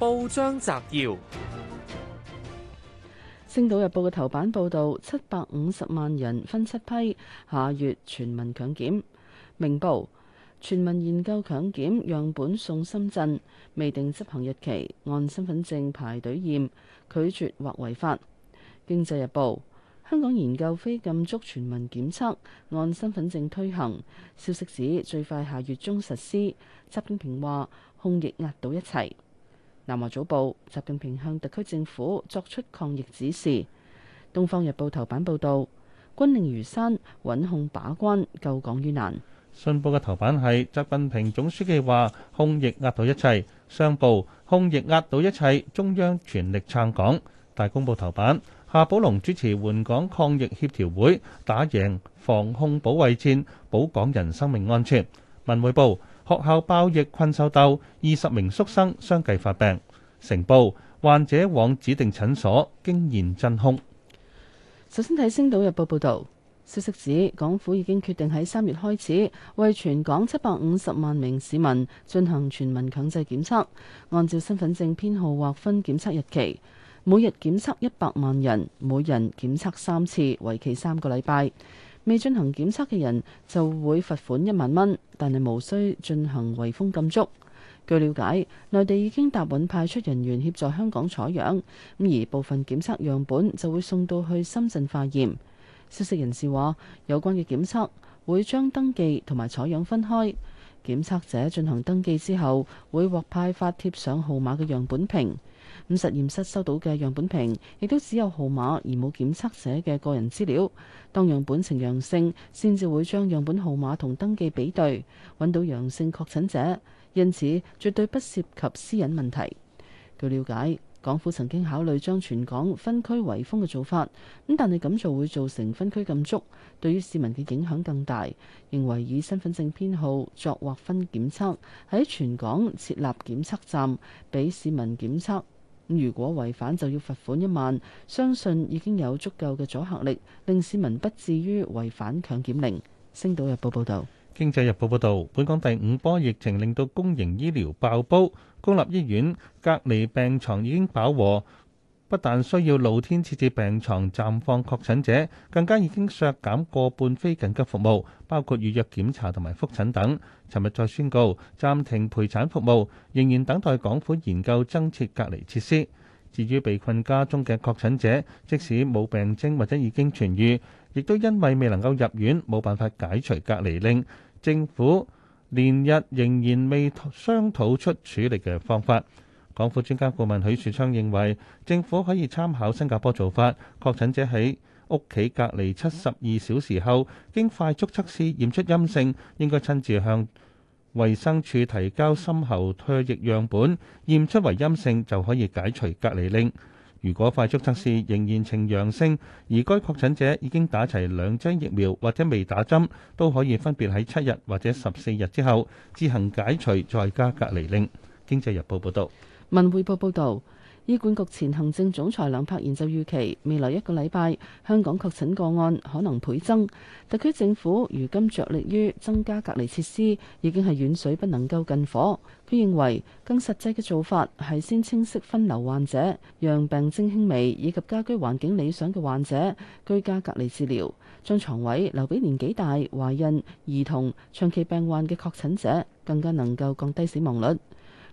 報章摘要，《星島日報》嘅頭版報道七百五十萬人分七批，下月全民強檢。明報全民研究強檢樣本送深圳，未定執行日期，按身份證排隊驗，拒絕或違法。《經濟日報》香港研究非禁足全民檢測，按身份證推行。消息指最快下月中實施。習近平話控疫壓倒一切。南華早報：習近平向特區政府作出抗疫指示。東方日報頭版報道：軍令如山，穩控把關，救港於難。信報嘅頭版係習近平總書記話：控疫壓倒一切。商報：控疫壓倒一切，中央全力撐港。大公報頭版：夏寶龍主持援港抗疫協調會，打贏防控保衛戰，保港人生命安全。文匯報：學校爆疫困獸鬥，二十名宿生相繼發病。成報患者往指定診所，驚現真空。首先睇《星島日報》報導，消息指港府已經決定喺三月開始為全港七百五十萬名市民進行全民強制檢測，按照身份證編號劃分檢測日期，每日檢測一百萬人，每人檢測三次，為期三個禮拜。未進行檢測嘅人就會罰款一萬蚊，但係無需進行圍封禁足。據了解，內地已經答允派出人員協助香港採樣，咁而部分檢測樣本就會送到去深圳化驗。消息人士話，有關嘅檢測會將登記同埋採樣分開，檢測者進行登記之後會獲派發貼上號碼嘅樣本瓶。咁實驗室收到嘅樣本瓶亦都只有號碼而冇檢測者嘅個人資料。當樣本呈陽性，先至會將樣本號碼同登記比對，揾到陽性確診者。因此，絕對不涉及私隱問題。據了解，港府曾經考慮將全港分區圍封嘅做法，咁但係咁做會造成分區禁足，對於市民嘅影響更大。認為以身份證編號作劃分檢測，喺全港設立檢測站俾市民檢測，如果違反就要罰款一萬，相信已經有足夠嘅阻嚇力，令市民不至於違反強檢令。星島日報報道。經濟日報報導，本港第五波疫情令到公營醫療爆煲，公立醫院隔離病床已經飽和，不但需要露天設置病床暫放確診者，更加已經削減過半非緊急服務，包括預約檢查同埋覆診等。尋日再宣告暫停陪產服務，仍然等待港府研究增設隔離設施。至於被困家中嘅確診者，即使冇病徵或者已經痊癒，亦都因為未能夠入院，冇辦法解除隔離令。政府連日仍然未商討出處理嘅方法。港府專家顧問許樹昌認為，政府可以參考新加坡做法，確診者喺屋企隔離七十二小時後，經快速測試驗出陰性，應該親自向衛生署提交深喉唾液樣本，驗出為陰性就可以解除隔離令。如果快速測試仍然呈陽性，而該確診者已經打齊兩劑疫苗或者未打針，都可以分別喺七日或者十四日之後自行解除在家隔離令。經濟日報報道。文匯報報道。醫管局前行政總裁梁柏賢就預期，未來一個禮拜香港確診個案可能倍增。特區政府如今着力於增加隔離設施，已經係遠水不能夠近火。佢認為更實際嘅做法係先清晰分流患者，讓病症輕微以及家居環境理想嘅患者居家隔離治療，將床位留俾年紀大、懷孕、兒童、長期病患嘅確診者，更加能夠降低死亡率。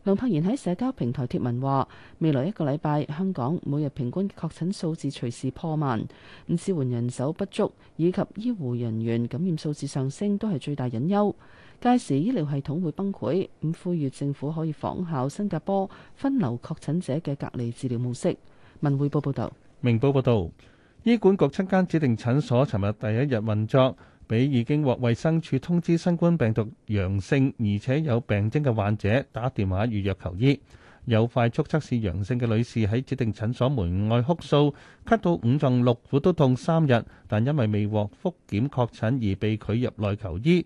林柏言喺社交平台貼文話：未來一個禮拜，香港每日平均確診數字隨時破萬，咁支援人手不足以及醫護人員感染數字上升都係最大隱憂。屆時醫療系統會崩潰，咁呼籲政府可以仿效新加坡分流確診者嘅隔離治療模式。文匯報報道，明報報道，醫管局七間指定診所尋日第一日運作。俾已經獲衛生署通知新冠病毒陽性而且有病徵嘅患者打電話預約求醫，有快速測試陽性嘅女士喺指定診所門外哭訴，咳到五臟六腑都痛三日，但因為未獲復檢確診而被拒入內求醫。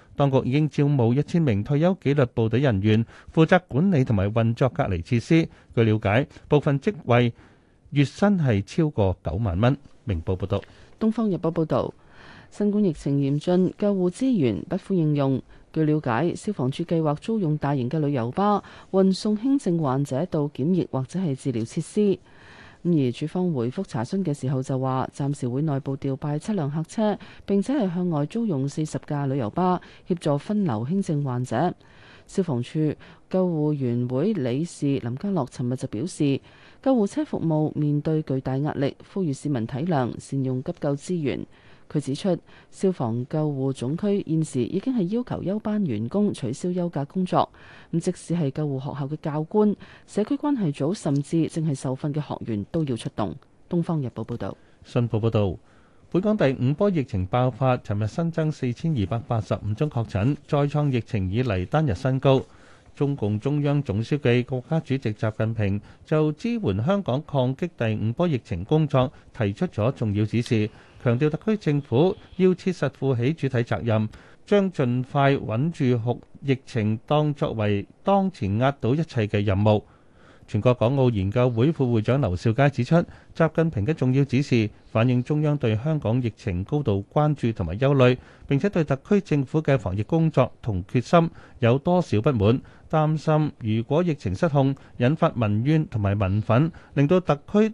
當局已經招募一千名退休紀律部隊人員，負責管理同埋運作隔離設施。據了解，部分職位月薪係超過九萬蚊。明報報道。東方日報報道，新冠疫情嚴峻，救護資源不敷應用。據了解，消防處計劃租用大型嘅旅遊巴，運送輕症患者到檢疫或者係治療設施。咁而處方回覆查詢嘅時候就話，暫時會內部調派七輛客車，並且係向外租用四十架旅遊巴協助分流輕症患者。消防處救護員會理事林家樂尋日就表示，救護車服務面對巨大壓力，呼籲市民體諒，善用急救資源。佢指出，消防救護總區現時已經係要求休班員工取消休假工作。咁，即使係救護學校嘅教官、社區關係組，甚至正係受訓嘅學員都要出動。東方日報報道，信報報道本港第五波疫情爆發，尋日新增四千二百八十五宗確診，再創疫情以嚟單日新高。中共中央總書記、國家主席習近平就支援香港抗擊第五波疫情工作，提出咗重要指示。強調特區政府要切實負起主體責任，將盡快穩住局疫情，當作為當前壓倒一切嘅任務。全國港澳研究會副會長劉兆佳指出，習近平嘅重要指示反映中央對香港疫情高度關注同埋憂慮，並且對特區政府嘅防疫工作同決心有多少不滿，擔心如果疫情失控，引發民怨同埋民憤，令到特區。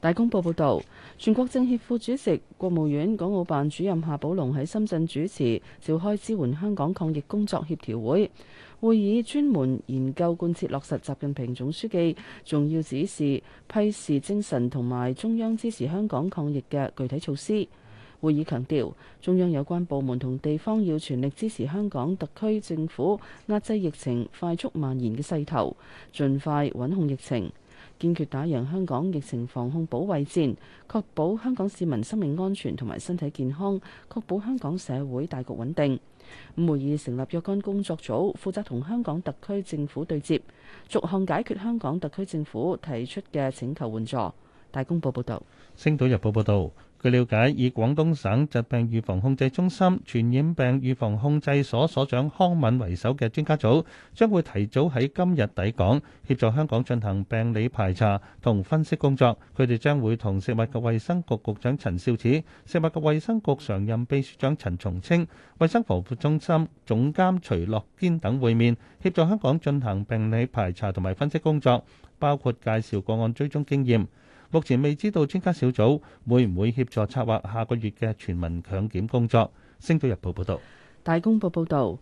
大公報報導，全國政協副主席、國務院港澳辦主任夏寶龍喺深圳主持召開支援香港抗疫工作協調會，會議專門研究貫徹落實習近平總書記重要指示批示精神同埋中央支持香港抗疫嘅具體措施。會議強調，中央有關部門同地方要全力支持香港特區政府壓制疫情快速蔓延嘅勢頭，盡快穩控疫情。堅決打贏香港疫情防控保衛戰，確保香港市民生命安全同埋身體健康，確保香港社會大局穩定。咁會議成立若干工作組，負責同香港特區政府對接，逐項解決香港特區政府提出嘅請求援助。大公報報道，《星島日報》報道。據了解，以廣東省疾病預防控制中心傳染病預防控制所所長康敏為首嘅專家組，將會提早喺今日抵港，協助香港進行病理排查同分析工作。佢哋將會同食物及衛生局局長陳肇始、食物及衛生局常任秘書長陳松青、衛生防護中心總監徐樂堅等會面，協助香港進行病理排查同埋分析工作，包括介紹個案追蹤經驗。目前未知道專家小組會唔會協助策劃下個月嘅全民強檢工作。星島日報報道，大公報報道，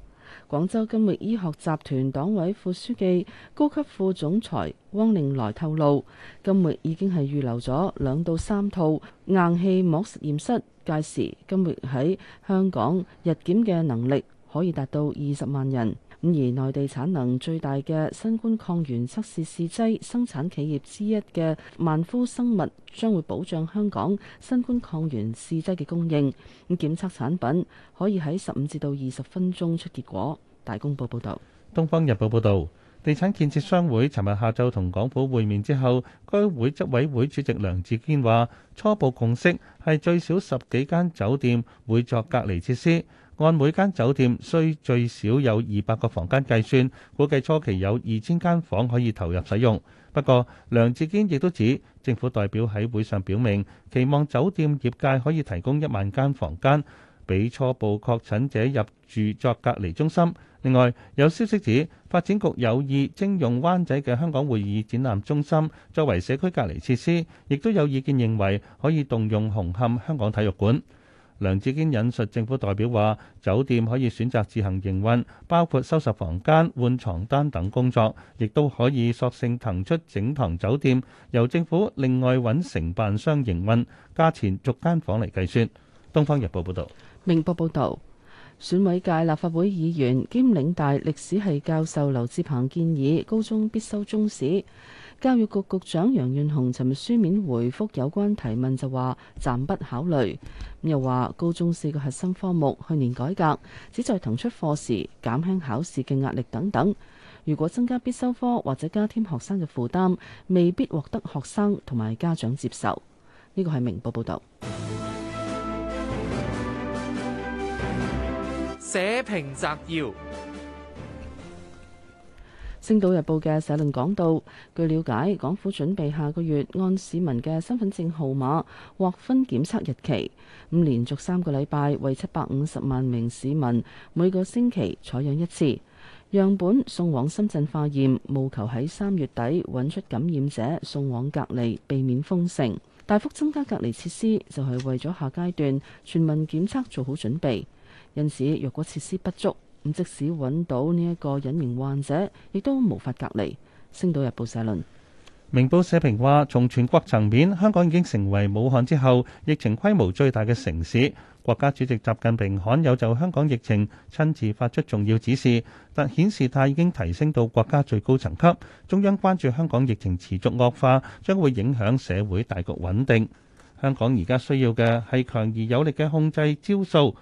廣州金域醫學集團黨委副書記高級副總裁汪令來透露，金域已經係預留咗兩到三套硬氣膜實驗室，屆時金域喺香港日檢嘅能力可以達到二十萬人。而內地產能最大嘅新冠抗原測試試劑生產企業之一嘅萬夫生物，將會保障香港新冠抗原試劑嘅供應。咁檢測產品可以喺十五至到二十分鐘出結果。大公報報導，東方日報報導。地產建設商會尋日下晝同港府會面之後，該會執委會主席梁志堅話：初步共識係最少十幾間酒店會作隔離設施，按每間酒店需最少有二百個房間計算，估計初期有二千間房間可以投入使用。不過，梁志堅亦都指政府代表喺會上表明，期望酒店業界可以提供一萬間房間。俾初步確診者入住作隔離中心。另外有消息指，發展局有意徵用灣仔嘅香港會議展覽中心作為社區隔離設施，亦都有意見認為可以動用紅磡香港體育館。梁志堅引述政府代表話：酒店可以選擇自行營運，包括收拾房間、換床單等工作，亦都可以索性騰出整堂酒店，由政府另外揾承辦商營運，價錢逐間房嚟計算。東方日報，報道》報導，《明報》報導，選委界立法會議員兼嶺大歷史系教授劉志鵬建議高中必修中史，教育局局長楊潤雄尋日書面回覆有關提問就，就話暫不考慮。又話，高中四個核心科目去年改革，旨在騰出課時減輕考試嘅壓力等等。如果增加必修科或者加添學生嘅負擔，未必獲得學生同埋家長接受。呢個係《明報，報道》報導。社評摘要，《星島日報》嘅社論講到，據了解，港府準備下個月按市民嘅身份證號碼劃分檢測日期，咁連續三個禮拜為七百五十萬名市民每個星期採樣一次，樣本送往深圳化驗，務求喺三月底揾出感染者送往隔離，避免封城，大幅增加隔離設施，就係、是、為咗下階段全民檢測做好準備。因此，若果設施不足，咁即使揾到呢一個隱形患者，亦都無法隔離。星島日報社論。明報社評話，從全國層面，香港已經成為武漢之後疫情規模最大嘅城市。國家主席習近平罕有就香港疫情親自發出重要指示，但顯示態已經提升到國家最高層級。中央關注香港疫情持續惡化，將會影響社會大局穩定。香港而家需要嘅係強而有力嘅控制招數。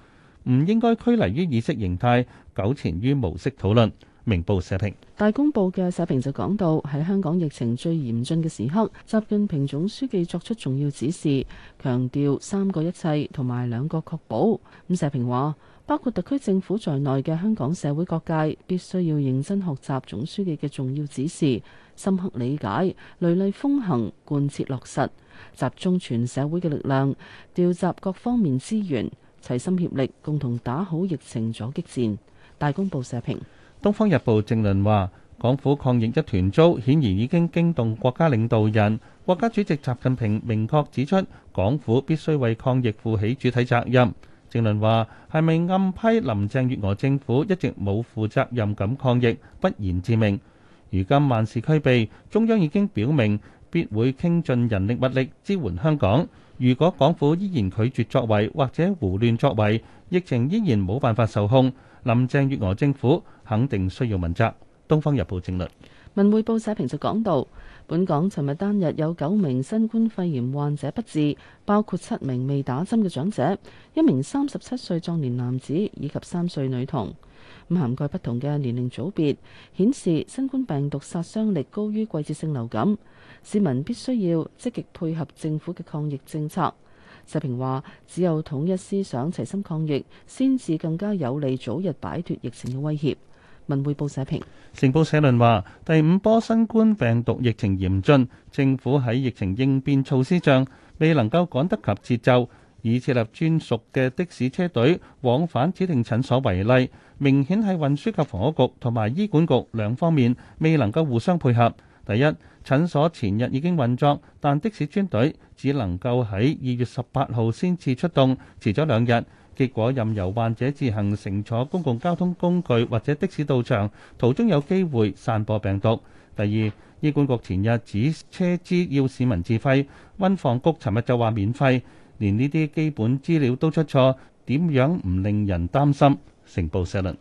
唔應該拘泥於意識形態，糾纏於模式討論。明報社評大公報嘅社評就講到，喺香港疫情最嚴峻嘅時刻，習近平總書記作出重要指示，強調三個一切同埋兩個確保。咁社評話，包括特區政府在內嘅香港社會各界，必須要認真學習總書記嘅重要指示，深刻理解，雷厲風行，貫徹落實，集中全社會嘅力量，調集各方面資源。齊心協力，共同打好疫情阻擊戰。大公報社評，東方日報正論話，港府抗疫一團糟，顯然已經驚動國家領導人。國家主席習近平明確指出，港府必須為抗疫負起主體責任。正論話，係咪暗批林鄭月娥政府一直冇負責任噉抗疫？不言自明。如今萬事俱備，中央已經表明，必會傾盡人力物力支援香港。如果港府依然拒絕作為或者胡亂作為，疫情依然冇辦法受控，林鄭月娥政府肯定需要問責。《東方日報政論》政論文匯報社評就講道：本港尋日單日有九名新冠肺炎患者不治，包括七名未打針嘅長者、一名三十七歲壯年男子以及三歲女童，咁涵蓋不同嘅年齡組別，顯示新冠病毒殺傷力高於季節性流感。市民必須要積極配合政府嘅抗疫政策。石平話：只有統一思想、齊心抗疫，先至更加有利早日擺脱疫情嘅威脅。文匯報社評，城報社論話：第五波新冠病毒疫情嚴峻，政府喺疫情應變措施上未能夠趕得及節奏，以設立專屬嘅的,的士車隊往返指定診所為例，明顯係運輸及房屋局同埋醫管局兩方面未能夠互相配合。第一診所前日已經運作，但的士專隊只能夠喺二月十八號先至出動，遲咗兩日。結果任由患者自行乘坐公共交通工具或者的士到場，途中有機會散播病毒。第二醫管局前日指車資要市民自費，温房局尋日就話免費，連呢啲基本資料都出錯，點樣唔令人擔心？成報社論。